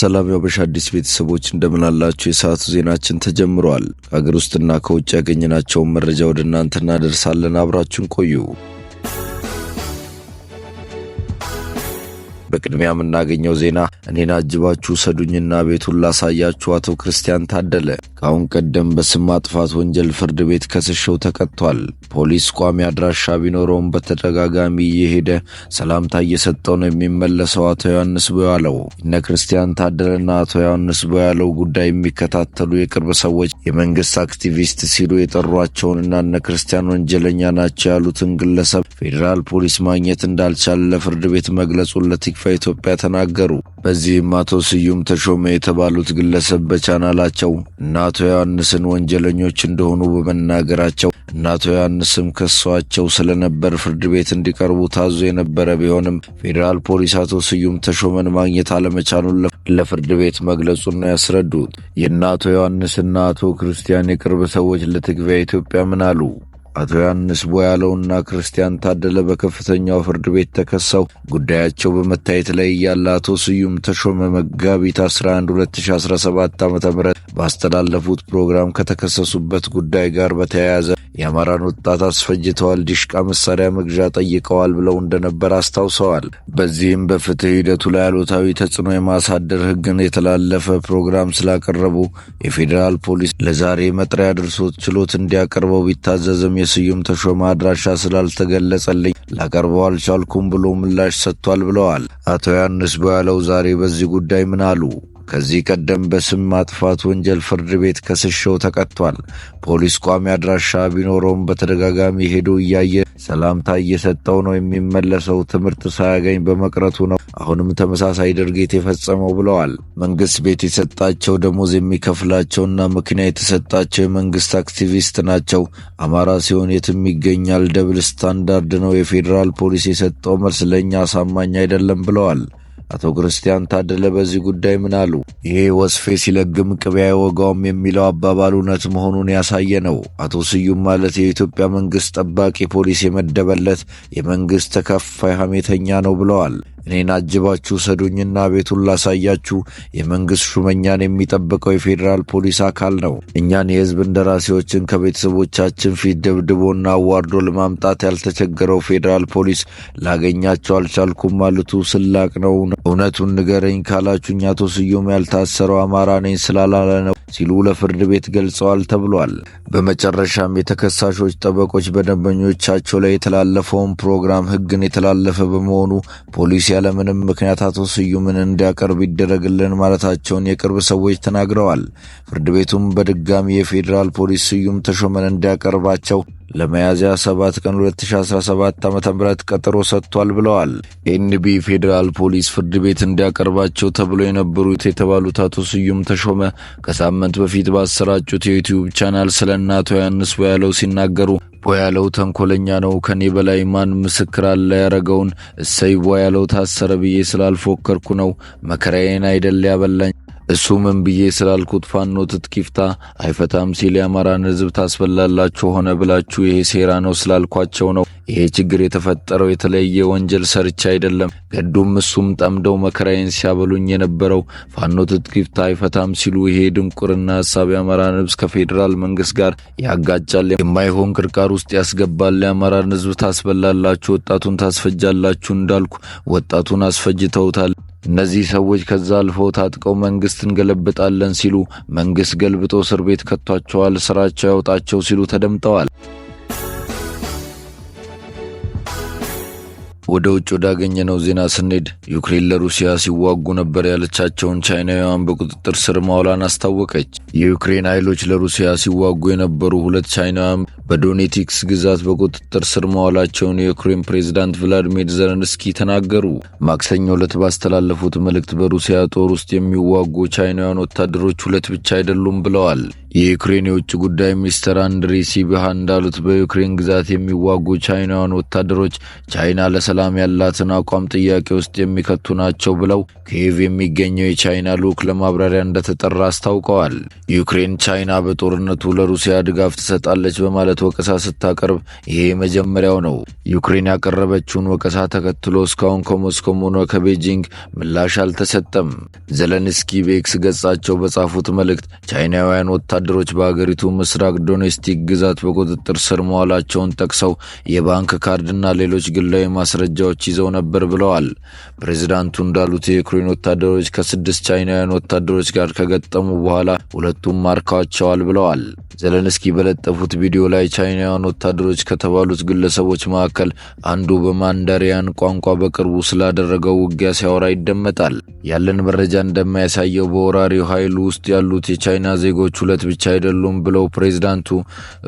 ሰላም የአበሻ አዲስ ቤተሰቦች እንደምናላችሁ፣ የሰዓቱ ዜናችን ተጀምሯል። ከአገር ውስጥና ከውጭ ያገኘናቸውን መረጃ ወደ እናንተ እናደርሳለን። አብራችሁን ቆዩ። በቅድሚያ የምናገኘው ዜና እኔን አጅባችሁ ሰዱኝና ቤቱን ላሳያችሁ አቶ ክርስቲያን ታደለ ከአሁን ቀደም በስም ማጥፋት ወንጀል ፍርድ ቤት ከስሸው ተቀጥቷል። ፖሊስ ቋሚ አድራሻ ቢኖረውም በተደጋጋሚ እየሄደ ሰላምታ እየሰጠው ነው የሚመለሰው። አቶ ዮሐንስ ቦያለው እነ ክርስቲያን ታደለና አቶ ዮሐንስ ቦያለው ጉዳይ የሚከታተሉ የቅርብ ሰዎች የመንግስት አክቲቪስት ሲሉ የጠሯቸውንና እነ ክርስቲያን ወንጀለኛ ናቸው ያሉትን ግለሰብ ፌዴራል ፖሊስ ማግኘት እንዳልቻለ ለፍርድ ቤት መግለጹን ለቲክ ይክፋ ኢትዮጵያ ተናገሩ። በዚህም አቶ ስዩም ተሾመ የተባሉት ግለሰብ በቻናላቸው እነ አቶ ዮሐንስን ወንጀለኞች እንደሆኑ በመናገራቸው እነ አቶ ዮሐንስም ከሷቸው ስለነበር ፍርድ ቤት እንዲቀርቡ ታዞ የነበረ ቢሆንም ፌዴራል ፖሊስ አቶ ስዩም ተሾመን ማግኘት አለመቻሉን ለፍርድ ቤት ነው ያስረዱት የእነ አቶ ዮሐንስና አቶ ክርስቲያን የቅርብ ሰዎች ለትግቢያ ኢትዮጵያ ምን አሉ? አቶ ዮሐንስ ቦያለውና ክርስቲያን ታደለ በከፍተኛው ፍርድ ቤት ተከሰው ጉዳያቸው በመታየት ላይ እያለ አቶ ስዩም ተሾመ መጋቢት 11 2017 ዓ ም ባስተላለፉት ፕሮግራም ከተከሰሱበት ጉዳይ ጋር በተያያዘ የአማራን ወጣት አስፈጅተዋል፣ ዲሽቃ መሳሪያ መግዣ ጠይቀዋል ብለው እንደነበር አስታውሰዋል። በዚህም በፍትህ ሂደቱ ላይ አሉታዊ ተጽዕኖ የማሳደር ህግን የተላለፈ ፕሮግራም ስላቀረቡ የፌዴራል ፖሊስ ለዛሬ መጥሪያ ድርሶት ችሎት እንዲያቀርበው ቢታዘዝም የስዩም ተሾመ አድራሻ ስላልተገለጸልኝ ላቀርበው አልቻልኩም ብሎ ምላሽ ሰጥቷል ብለዋል። አቶ ዮሐንስ በያለው ዛሬ በዚህ ጉዳይ ምን አሉ? ከዚህ ቀደም በስም ማጥፋት ወንጀል ፍርድ ቤት ከስሸው ተቀጥቷል። ፖሊስ ቋሚ አድራሻ ቢኖረውም በተደጋጋሚ ሄዶ እያየ ሰላምታ እየሰጠው ነው የሚመለሰው። ትምህርት ሳያገኝ በመቅረቱ ነው አሁንም ተመሳሳይ ድርጊት የፈጸመው ብለዋል። መንግስት ቤት የሰጣቸው ደሞዝ የሚከፍላቸውና መኪና የተሰጣቸው የመንግስት አክቲቪስት ናቸው። አማራ ሲሆን የትም ይገኛል። ደብል ስታንዳርድ ነው። የፌዴራል ፖሊስ የሰጠው መልስ ለእኛ አሳማኝ አይደለም ብለዋል። አቶ ክርስቲያን ታደለ በዚህ ጉዳይ ምን አሉ? ይሄ ወስፌ ሲለግም ቅቤ አይወጋውም የሚለው አባባል እውነት መሆኑን ያሳየ ነው። አቶ ስዩም ማለት የኢትዮጵያ መንግስት ጠባቂ ፖሊስ የመደበለት የመንግስት ተከፋይ ሐሜተኛ ነው ብለዋል። እኔን አጅባችሁ ሰዱኝና ቤቱን ላሳያችሁ። የመንግሥት ሹመኛን የሚጠብቀው የፌዴራል ፖሊስ አካል ነው። እኛን የሕዝብ እንደራሴዎችን ከቤተሰቦቻችን ፊት ደብድቦና አዋርዶ ለማምጣት ያልተቸገረው ፌዴራል ፖሊስ ላገኛቸው አልቻልኩም ማለቱ ስላቅ ነው። እውነቱን ንገረኝ ካላችሁኝ አቶ ስዩም ያልታሰረው አማራ ነኝ ስላላለ ነው ሲሉ ለፍርድ ቤት ገልጸዋል ተብሏል። በመጨረሻም የተከሳሾች ጠበቆች በደንበኞቻቸው ላይ የተላለፈውን ፕሮግራም ሕግን የተላለፈ በመሆኑ ፖሊስ ያለምንም ምክንያት አቶ ስዩምን እንዲያቀርብ ይደረግልን ማለታቸውን የቅርብ ሰዎች ተናግረዋል። ፍርድ ቤቱም በድጋሚ የፌዴራል ፖሊስ ስዩም ተሾመን እንዲያቀርባቸው ለመያዝያ 7 ቀን 2017 ዓ ም ቀጠሮ ሰጥቷል ብለዋል። ኤንቢ ፌዴራል ፖሊስ ፍርድ ቤት እንዲያቀርባቸው ተብሎ የነበሩት የተባሉት አቶ ስዩም ተሾመ ከሳምንት በፊት ባሰራጩት የዩትዩብ ቻናል ስለ እናቶ ያንስ ቦያለው ሲናገሩ ቦያለው ተንኮለኛ ነው፣ ከኔ በላይ ማን ምስክር አለ ያረገውን እሰይ ቦያለው ታሰረ ብዬ ስላልፎከርኩ ነው፣ መከራዬን አይደል ያበላኝ እሱ ምን ብዬ ስላልኩት ፋኖ ትጥቂፍታ አይፈታም ሲል የአማራን ህዝብ ታስፈላላችሁ ሆነ ብላችሁ ይሄ ሴራ ነው ስላልኳቸው ነው። ይሄ ችግር የተፈጠረው የተለየ ወንጀል ሰርቻ አይደለም። ገዱም እሱም ጠምደው መከራዬን ሲያበሉኝ የነበረው ፋኖ ትጥቂፍታ አይፈታም ሲሉ ይሄ ድንቁርና ሀሳብ የአማራን ህዝብ ከፌዴራል መንግስት ጋር ያጋጫል፣ የማይሆን ቅርቃር ውስጥ ያስገባል። የአማራን ህዝብ ታስበላላችሁ፣ ወጣቱን ታስፈጃላችሁ እንዳልኩ ወጣቱን አስፈጅተውታል። እነዚህ ሰዎች ከዛ አልፈው ታጥቀው መንግስት እንገለብጣለን ሲሉ መንግስት ገልብጦ እስር ቤት ከቷቸዋል። ስራቸው ያውጣቸው ሲሉ ተደምጠዋል። ወደ ውጭ ወዳገኘነው ዜና ስንሄድ ዩክሬን ለሩሲያ ሲዋጉ ነበር ያለቻቸውን ቻይናውያን በቁጥጥር ስር ማዋሏን አስታወቀች። የዩክሬን ኃይሎች ለሩሲያ ሲዋጉ የነበሩ ሁለት ቻይናውያን በዶኔቲክስ ግዛት በቁጥጥር ስር መዋላቸውን የዩክሬን ፕሬዝዳንት ቭላዲሚር ዘለንስኪ ተናገሩ። ማክሰኞ ዕለት ባስተላለፉት መልእክት በሩሲያ ጦር ውስጥ የሚዋጉ ቻይናውያን ወታደሮች ሁለት ብቻ አይደሉም ብለዋል። የዩክሬን የውጭ ጉዳይ ሚኒስትር አንድሪ ሲቢሃ እንዳሉት በዩክሬን ግዛት የሚዋጉ ቻይናውያን ወታደሮች ቻይና ለሰላም ያላትን አቋም ጥያቄ ውስጥ የሚከቱ ናቸው ብለው ኪየቭ የሚገኘው የቻይና ልዑክ ለማብራሪያ እንደተጠራ አስታውቀዋል። ዩክሬን ቻይና በጦርነቱ ለሩሲያ ድጋፍ ትሰጣለች በማለት ወቀሳ ስታቀርብ ይሄ መጀመሪያው ነው። ዩክሬን ያቀረበችውን ወቀሳ ተከትሎ እስካሁን ከሞስኮም ሆነ ከቤጂንግ ምላሽ አልተሰጠም። ዘለንስኪ በኤክስ ገጻቸው በጻፉት መልእክት ቻይናውያን ወታደሮች በአገሪቱ ምስራቅ ዶኔስቲክ ግዛት በቁጥጥር ስር መዋላቸውን ጠቅሰው የባንክ ካርድና ሌሎች ግላዊ ማስረጃዎች ይዘው ነበር ብለዋል። ፕሬዚዳንቱ እንዳሉት የዩክሬን ወታደሮች ከስድስት ቻይናውያን ወታደሮች ጋር ከገጠሙ በኋላ ሁለቱ ሁለቱም ማርካቸዋል ብለዋል። ዘለንስኪ በለጠፉት ቪዲዮ ላይ ቻይናውያን ወታደሮች ከተባሉት ግለሰቦች መካከል አንዱ በማንዳሪያን ቋንቋ በቅርቡ ስላደረገው ውጊያ ሲያወራ ይደመጣል። ያለን መረጃ እንደማያሳየው በወራሪው ኃይል ውስጥ ያሉት የቻይና ዜጎች ሁለት ብቻ አይደሉም ብለው ፕሬዝዳንቱ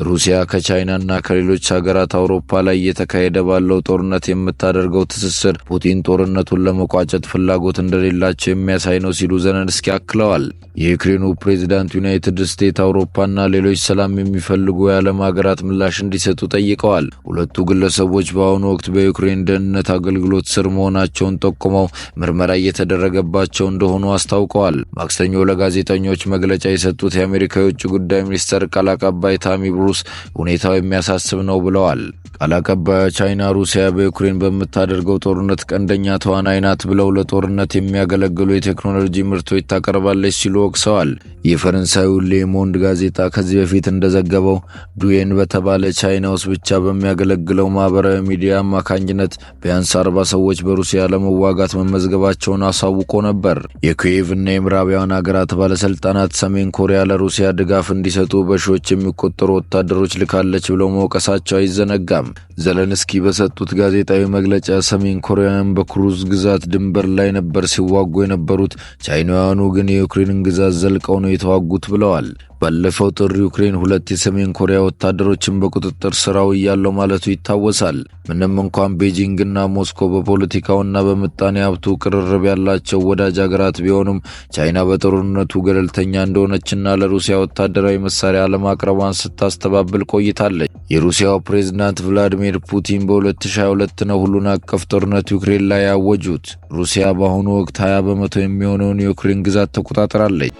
ሩሲያ ከቻይናና ከሌሎች ሀገራት አውሮፓ ላይ እየተካሄደ ባለው ጦርነት የምታደርገው ትስስር ፑቲን ጦርነቱን ለመቋጨት ፍላጎት እንደሌላቸው የሚያሳይ ነው ሲሉ ዘለንስኪ አክለዋል። የዩክሬኑ ፕሬዝዳንት ዩናይትድ ስቴትስ፣ አውሮፓና ሌሎች ሰላም የሚፈልጉ የዓለም ሀገራት ምላሽ እንዲሰጡ ጠይቀዋል። ሁለቱ ግለሰቦች በአሁኑ ወቅት በዩክሬን ደህንነት አገልግሎት ስር መሆናቸውን ጠቁመው ምርመራ እየተደረገባቸው እንደሆኑ አስታውቀዋል። ማክሰኞ ለጋዜጠኞች መግለጫ የሰጡት የአሜሪካ የውጭ ጉዳይ ሚኒስቴር ቃል አቀባይ ታሚ ብሩስ ሁኔታው የሚያሳስብ ነው ብለዋል። ቃል አቀባዩ ቻይና ሩሲያ በዩክሬን በምታደርገው ጦርነት ቀንደኛ ተዋናይ ናት ብለው ለጦርነት የሚያገለግሉ የቴክኖሎጂ ምርቶች ታቀርባለች ሲሉ ወቅሰዋል። የፈረንሳይ ፈረንሳዩ ሌሞንድ ጋዜጣ ከዚህ በፊት እንደዘገበው ዱዌን በተባለ ቻይና ውስጥ ብቻ በሚያገለግለው ማህበራዊ ሚዲያ አማካኝነት ቢያንስ አርባ ሰዎች በሩሲያ ለመዋጋት መመዝገባቸውን አሳውቆ ነበር። የኪየቭ እና የምዕራባውያን ሀገራት ባለሥልጣናት ሰሜን ኮሪያ ለሩሲያ ድጋፍ እንዲሰጡ በሺዎች የሚቆጠሩ ወታደሮች ልካለች ብለው መውቀሳቸው አይዘነጋም። ዘለንስኪ በሰጡት ጋዜጣዊ መግለጫ ሰሜን ኮሪያውያን በክሩዝ ግዛት ድንበር ላይ ነበር ሲዋጉ የነበሩት፣ ቻይናውያኑ ግን የዩክሬንን ግዛት ዘልቀው ነው የተዋጉ ያደረጉት ብለዋል። ባለፈው ጥር ዩክሬን ሁለት የሰሜን ኮሪያ ወታደሮችን በቁጥጥር ስራው እያለው ማለቱ ይታወሳል። ምንም እንኳን ቤጂንግና ሞስኮ በፖለቲካውና በምጣኔ ሀብቱ ቅርርብ ያላቸው ወዳጅ አገራት ቢሆኑም ቻይና በጦርነቱ ገለልተኛ እንደሆነችና ለሩሲያ ወታደራዊ መሳሪያ አለማቅረቧን ስታስተባብል ቆይታለች። የሩሲያው ፕሬዝዳንት ቭላዲሚር ፑቲን በ2022 ነው ሁሉን አቀፍ ጦርነት ዩክሬን ላይ ያወጁት። ሩሲያ በአሁኑ ወቅት 20 በመቶ የሚሆነውን የዩክሬን ግዛት ተቆጣጠራለች።